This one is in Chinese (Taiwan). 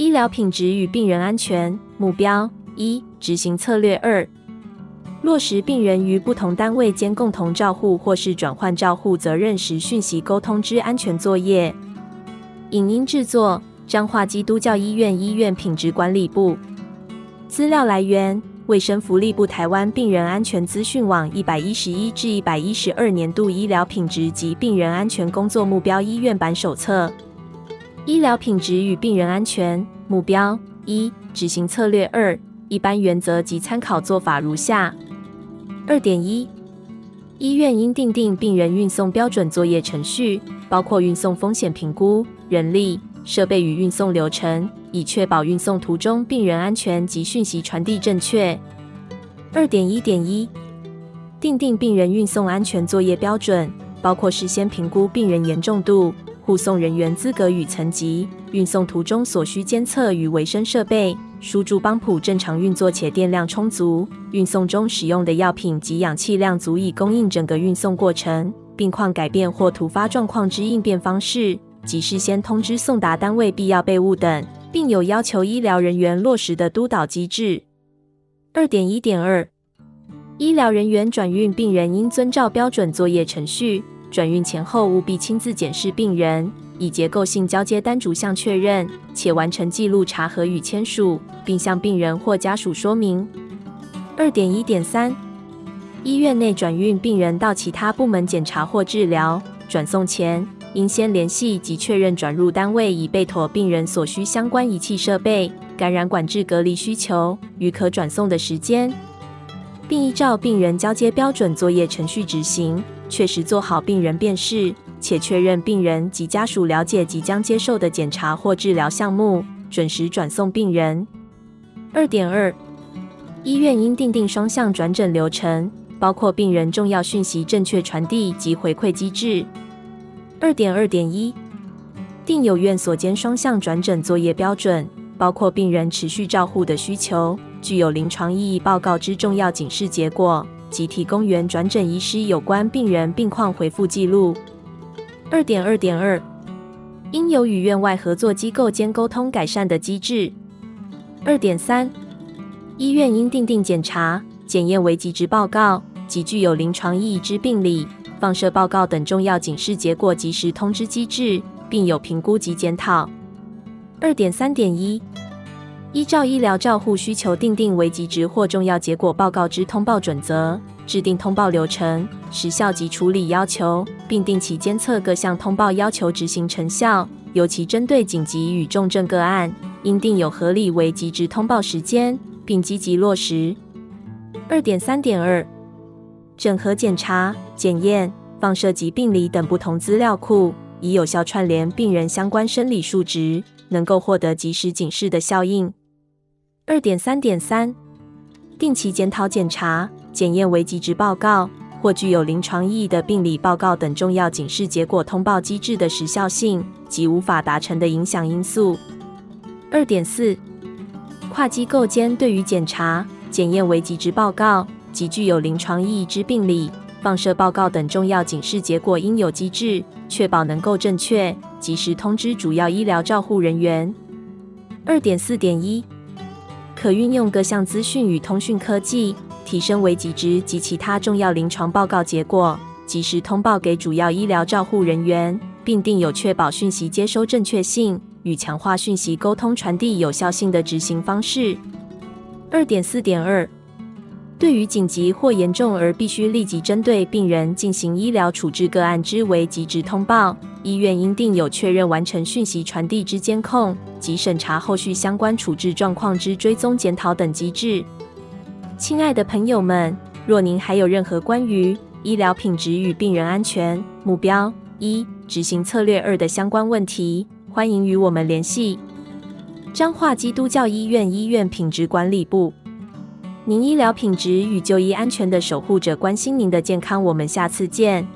醫療品質與病人安全目標一：執行策略二：落實病人於不同單位間共同照護或是轉換照護責任時訊息溝通之安全作業。影音製作：彰化基督教醫院醫院品質管理部。資料來源：衛生福利部台灣病人安全資訊網一百一十一至一百一十二年度醫療品質及病人安全工作目標醫院版手冊。醫療品質與病人安全目標一，執行策略二一般原則及參考做法如下：二點一醫院應訂定病人運送標準作業程序，包括運送風險評估、人力、設備與運送流程，以確保運送途中病人安全及訊息傳遞正確。二點一點一訂定病人運送安全作業標準，包括事先評估病人嚴重度。護送人員資格與層級，運送途中所需監測與維生設備，輸注泵浦正常運作且電量充足，運送中使用的藥品及氧氣量足以供應整個運送過程，病況改變或突發狀況之應變方式及事先通知送達單位必要備物等，並有要求醫療人員落實的督導機制。二點一點二，醫療人員轉運病人應遵照標準作業程序。轉運前後務必親自檢視病人，以結構性交接單逐項確認，且完成記錄查核與簽署，並向病人或家屬說明。二點一點三，醫院內轉運病人到其他部門檢查或治療，轉送前應先聯繫及確認轉入單位已備妥病人所需相關儀器設備、感染管制隔離需求與可轉送的時間，並依照病人交接標準作業程序執行。確實做好病人辨識，且確認病人及家屬了解即將接受的檢查或治療項目，準時轉送病人。二點二，醫院應訂定雙向轉診流程，包括病人重要訊息正確傳遞及回饋機制。二點二點一，訂有院所間雙向轉診作業標準，包括病人持續照護的需求，具有臨床意義報告之重要警示結果。及提供原轉診醫師有關病人病況回覆記錄。二點二點二，應有與院外合作機構間溝通改善的機制。二點三，醫院應訂定檢查、檢驗為急值報告及具有臨床意義之病理、放射報告等重要警示結果及時通知機制，並有評估及檢討。二點三點一。依照醫療照護需求訂定危急值或重要結果報告之通報準則，制定通報流程、時效及處理要求，並定期監測各項通報要求執行成效。尤其針對緊急與重症個案，應訂有合理危急值通報時間，並積極落實。二點三點二，整合檢查、檢驗、放射及病理等不同資料庫，以有效串聯病人相關生理數值，能夠獲得及時警示的效應。二點三點三，定期檢討檢查、檢驗危急值報告或具有臨床意義的病理報告等重要警示結果通報機制的時效性及無法達成的影響因素。二點四，跨機構間對於檢查、檢驗危急值報告及具有臨床意義之病理、放射報告等重要警示結果應有機制，確保能夠正確、及時通知主要醫療照護人員。二點四點一。可運用各項資訊與通訊科技，提升危急值及其他重要臨床報告結果，及時通報給主要醫療照護人員，並訂有確保訊息接收正確性與強化訊息溝通傳遞有效性的執行方式。二點四點二。對於緊急或嚴重而必須立即針對病人進行醫療處置個案之危急值通報，醫院應訂有確認完成訊息傳遞之監控及審查後續相關處置狀況之追蹤檢討等機制。親愛的朋友們，若您還有任何關於醫療品質與病人安全目標一執行策略二的相關問題，歡迎與我們聯繫。彰化基督教醫院醫院品質管理部。您醫療品質與就醫安全的守護者，關心您的健康。我們下次見。